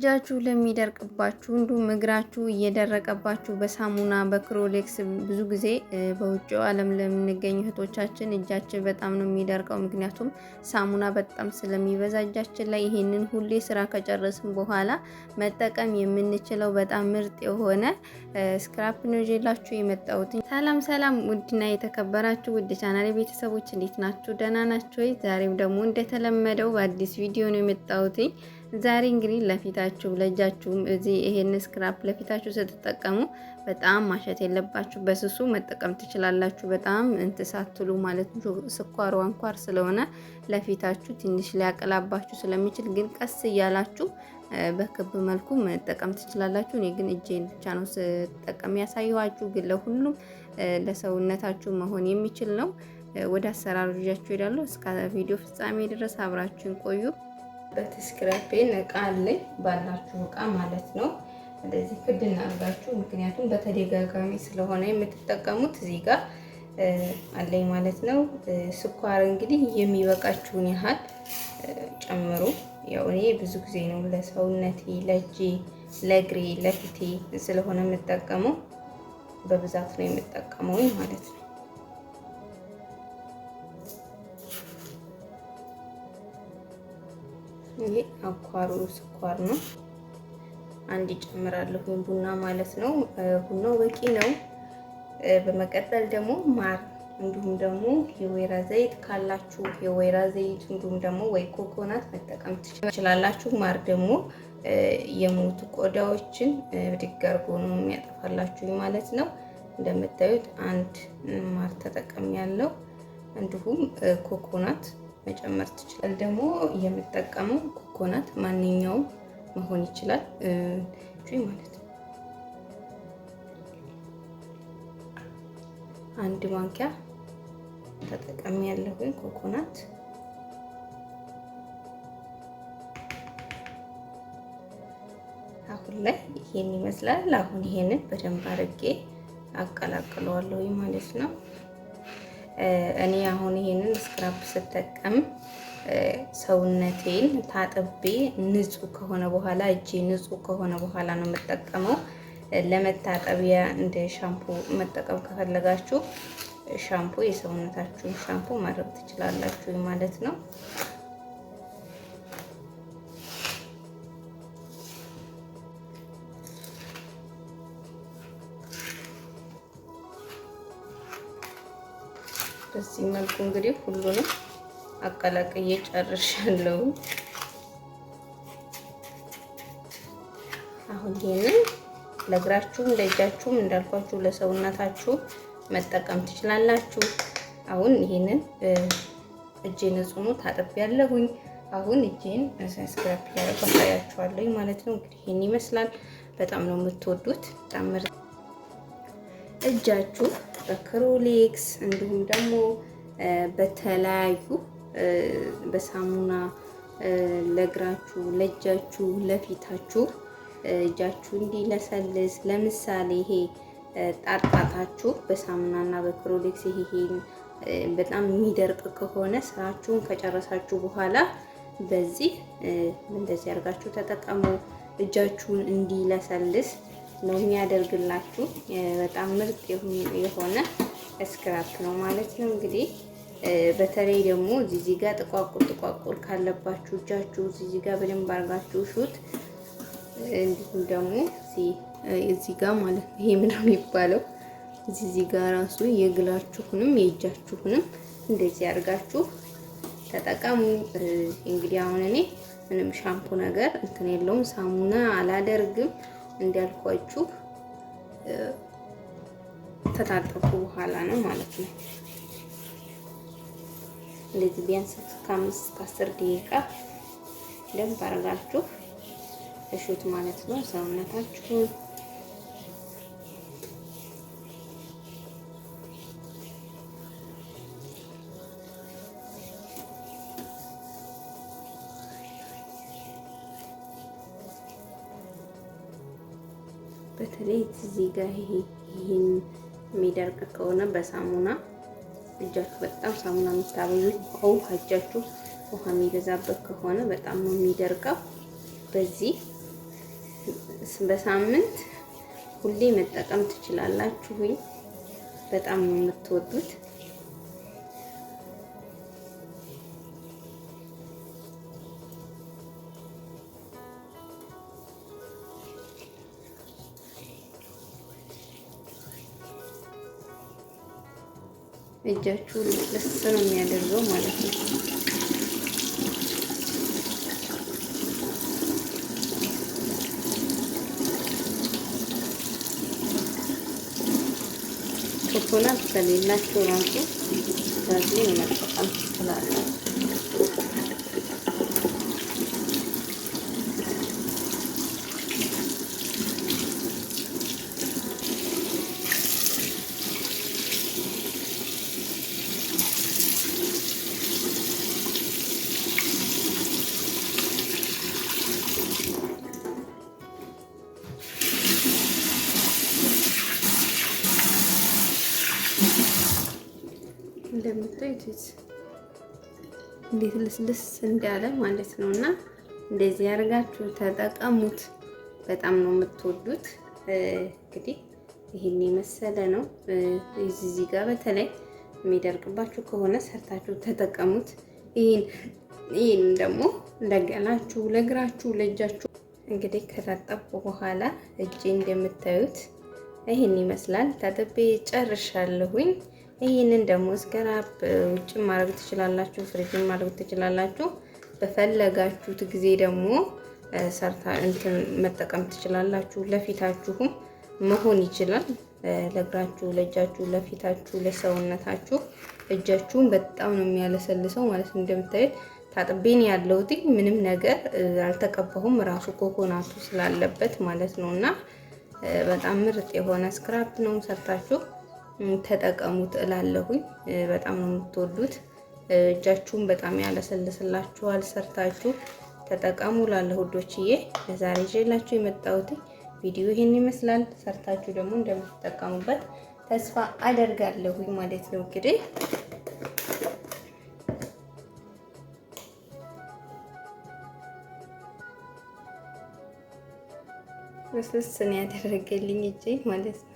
እጃችሁ ለሚደርቅባችሁ እንዲሁም እግራችሁ እየደረቀባችሁ በሳሙና በክሮሌክስ ብዙ ጊዜ በውጭ ዓለም ለምንገኝ እህቶቻችን እጃችን በጣም ነው የሚደርቀው። ምክንያቱም ሳሙና በጣም ስለሚበዛ እጃችን ላይ ይሄንን ሁሌ ስራ ከጨረስን በኋላ መጠቀም የምንችለው በጣም ምርጥ የሆነ ስክራፕ ነው ይዤላችሁ የመጣሁት። ሰላም ሰላም! ውድና የተከበራችሁ ውድ ቻናሌ ቤተሰቦች እንዴት ናችሁ? ደህና ናችሁ ወይ? ዛሬም ደግሞ እንደተለመደው በአዲስ ቪዲዮ ነው የመጣሁትኝ ዛሬ እንግዲህ ለፊታችሁ ለእጃችሁም እዚህ ይሄን ስክራፕ ለፊታችሁ ስትጠቀሙ በጣም ማሸት የለባችሁ። በስሱ መጠቀም ትችላላችሁ። በጣም እንትሳትሉ ማለት ስኳር አንኳር ስለሆነ ለፊታችሁ ትንሽ ሊያቀላባችሁ ስለሚችል ግን ቀስ እያላችሁ በክብ መልኩ መጠቀም ትችላላችሁ። እኔ ግን እጄን ብቻ ነው ስጠቀም ያሳየኋችሁ። ግን ለሁሉም ለሰውነታችሁ መሆን የሚችል ነው። ወደ አሰራሩ ልጃችሁ ሄዳለሁ። እስከ ቪዲዮ ፍጻሜ ድረስ አብራችሁን ቆዩ። በተስክራፔን እቃ አለኝ ባላችሁ እቃ ማለት ነው። እንደዚህ ክድና አድርጋችሁ ምክንያቱም በተደጋጋሚ ስለሆነ የምትጠቀሙት እዚህ ጋር አለኝ ማለት ነው። ስኳር እንግዲህ የሚበቃችሁን ያህል ጨምሩ። ያው እኔ ብዙ ጊዜ ነው ለሰውነቴ፣ ለእጄ፣ ለእግሬ፣ ለፊቴ ስለሆነ የምጠቀመው በብዛት ነው የምጠቀመው ማለት ነው። ይሄ አኳሩ ስኳር ነው። አንድ ይጨምራለሁ ወይም ቡና ማለት ነው። ቡናው በቂ ነው። በመቀጠል ደግሞ ማር እንዲሁም ደግሞ የወይራ ዘይት ካላችሁ የወይራ ዘይት እንዲሁም ደግሞ ወይ ኮኮናት መጠቀም ትችላላችሁ። ማር ደግሞ የሞቱ ቆዳዎችን ብድግ አድርጎ ነው የሚያጠፋላችሁ ማለት ነው። እንደምታዩት አንድ ማር ተጠቀም ያለው እንዲሁም ኮኮናት መጨመር ትችላል። ደግሞ የምጠቀመው ኮኮናት ማንኛውም መሆን ይችላል ማለት ነው። አንድ ማንኪያ ተጠቀሚ ያለሁኝ ኮኮናት አሁን ላይ ይሄን ይመስላል። አሁን ይሄንን በደንብ አድርጌ አቀላቅለዋለሁ ማለት ነው። እኔ አሁን ይሄንን ስክራፕ ስጠቀም ሰውነቴን ታጥቤ ንጹህ ከሆነ በኋላ እጄ ንጹህ ከሆነ በኋላ ነው የምጠቀመው። ለመታጠቢያ እንደ ሻምፑ መጠቀም ከፈለጋችሁ ሻምፑ የሰውነታችሁን ሻምፑ ማድረግ ትችላላችሁ ማለት ነው። በዚህ መልኩ እንግዲህ ሁሉንም አቀላቅዬ ጨርሻለሁ። አሁን ይሄንን ለእግራችሁም ለእጃችሁም እንዳልኳችሁ ለሰውነታችሁ መጠቀም ትችላላችሁ። አሁን ይሄንን እጄ ንጹህ ታጥብ ያለሁኝ አሁን እጄን ሳስክራፕ ያደረኩ አሳያችኋለሁ ማለት ነው። እንግዲህ ይሄን ይመስላል። በጣም ነው የምትወዱት። በጣም እጃችሁ በክሮሌክስ እንዲሁም ደግሞ በተለያዩ በሳሙና ለእግራችሁ፣ ለእጃችሁ፣ ለፊታችሁ እጃችሁ እንዲለሰልስ ለምሳሌ ይሄ ጣጣታችሁ በሳሙና እና በክሮሌክስ ይሄን በጣም የሚደርቅ ከሆነ ስራችሁን ከጨረሳችሁ በኋላ በዚህ እንደዚህ አድርጋችሁ ተጠቀሙ። እጃችሁን እንዲለሰልስ ነው የሚያደርግላችሁ። በጣም ምርጥ የሆነ ስክራፕ ነው ማለት ነው። እንግዲህ በተለይ ደግሞ እዚህ ጋር ጥቋቁር ጥቋቁር ካለባችሁ እጃችሁ እዚህ ጋር በደንብ አርጋችሁ ሹት። እንዲሁም ደግሞ እዚህ ጋር ማለት ነው ይሄ ምን የሚባለው እዚህ ጋር ራሱ የግላችሁንም የእጃችሁንም እንደዚህ አርጋችሁ ተጠቀሙ። እንግዲህ አሁን እኔ ምንም ሻምፑ ነገር እንትን የለውም ሳሙና አላደርግም። እንዳልኳችሁ ተጣጠቁ በኋላ ነው ማለት ነው። እንደዚህ ቢያንስ ከአምስት ከአስር ደቂቃ ደንብ አድርጋችሁ እሹት ማለት ነው ሰውነታችሁን በተለይ እዚህ ጋር ይሄን የሚደርቅ ከሆነ በሳሙና እጃችሁ በጣም ሳሙና የምታበዩ ውሃ እጃችሁ ውሃ የሚበዛበት ከሆነ በጣም ነው የሚደርቀው። በዚህ በሳምንት ሁሌ መጠቀም ትችላላችሁ። በጣም ነው የምትወዱት። እጃችሁን ልስ ነው የሚያደርገው ማለት ነው። ኮኮናት ስለሌላቸው ራሱ ዛዜ መጠቀም ትችላላችሁ። እንደምታዩት እንዴት ልስልስ እንዳለ ማለት ነው። እና እንደዚህ ያደርጋችሁ ተጠቀሙት። በጣም ነው የምትወዱት። እንግዲህ ይህን የመሰለ ነው። እዚህ ጋር በተለይ የሚደርቅባችሁ ከሆነ ሰርታችሁ ተጠቀሙት። ይህን ይህን ደግሞ ለገላችሁ፣ ለእግራችሁ፣ ለእጃችሁ እንግዲህ ከታጠብኩ በኋላ እጄ እንደምታዩት ይህን ይመስላል። ታጥቤ ጨርሻለሁኝ። ይህንን ደግሞ እስከናፕ ውጭ ማድረግ ትችላላችሁ፣ ፍሪጅ ማድረግ ትችላላችሁ። በፈለጋችሁት ጊዜ ደግሞ ሰርታ እንትን መጠቀም ትችላላችሁ። ለፊታችሁም መሆን ይችላል። ለእግራችሁ፣ ለእጃችሁ፣ ለፊታችሁ፣ ለሰውነታችሁ። እጃችሁን በጣም ነው የሚያለሰልሰው ማለት ነው። እንደምታዩት ታጥቤን ያለሁት ምንም ነገር አልተቀባሁም ራሱ ኮኮናቱ ስላለበት ማለት ነው። እና በጣም ምርጥ የሆነ ስክራፕ ነው ሰርታችሁ ተጠቀሙት እላለሁኝ። በጣም ነው የምትወዱት። እጃችሁን በጣም ያለሰልስላችኋል። ሰርታችሁ ተጠቀሙ እላለሁ ውዶችዬ። ለዛሬ ይዤላችሁ የመጣሁት ቪዲዮ ይሄን ይመስላል። ሰርታችሁ ደግሞ እንደምትጠቀሙበት ተስፋ አደርጋለሁኝ ማለት ነው እንግዲህ ስስን ያደረገልኝ እጄ ማለት ነው።